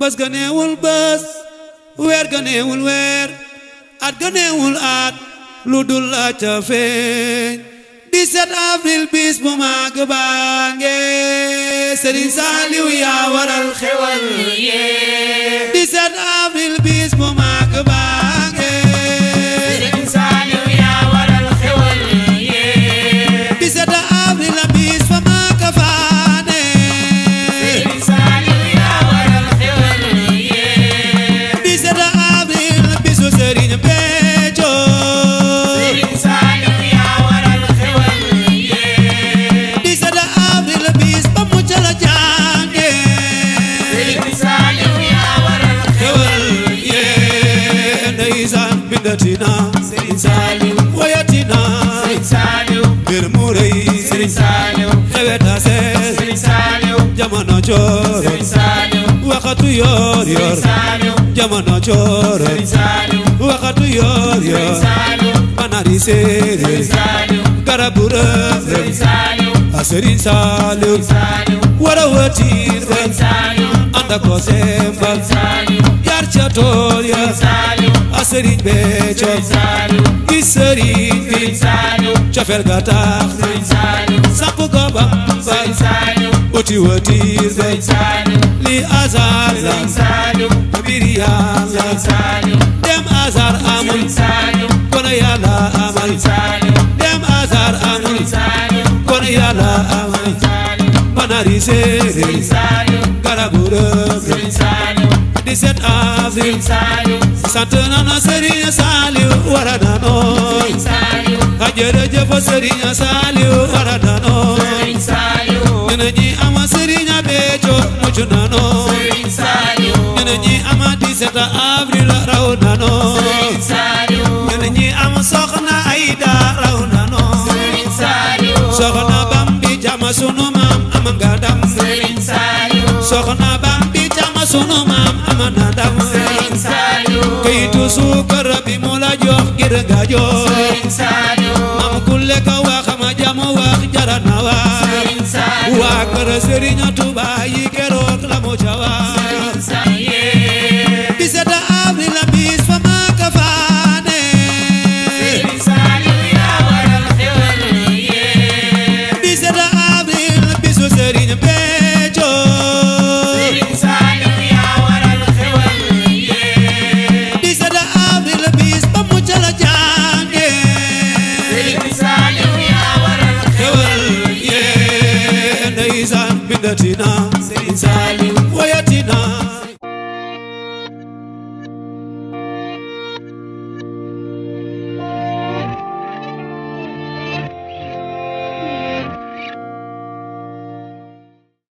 bés ga neewul bés weer ga neewul weer at ga neewul at lu dul la ca feeñ 17 avril bis bu màgg baa nge Serigne Saliou yaa waral xewal yee 17 màggatina Serigne Saliou woyatina Serigne Saliou mbir mu rëy Serigne Saliou xewetase Serigne Saliou jamono cooro Serigne Saliou waxatu yoor yoor Serigne Saliou jamono cooro Serigne Saliou waxatu yoor yoor Serigne Saliou banari séeréer Serigne Saliou garabu rëb Serigne Saliou a Serigne Saliou wara wëtiir Serigne Saliou anda ko sembal sëriñ Béthio di sëriñ bi cofeel ga tax sapp ko bambal uti watiir be li azar la mbir yàlla dem azar amul kon yàlla amal dem azar amul kon yàlla amal panari séeréer garabu rëb sant nana Serigne Saliou wara nanoo ka jërëjëf Serigne Saliou wara nanoo ñene ñi ama Serigne Béthio mucc nanoo ñene ñi ama 17 avril raw nanoo ñene ñi ama soxna Aïda raw nanoo soxna Bambi jama sunu maam am nga dam soxna suukar bi mu la jox ngir nga jox Serigne Saliou mam ku lekk wax ma jam wax jara na wax waa kër Serigne Touba yi la mu ca ndeysaan bindatina Serigne Saliou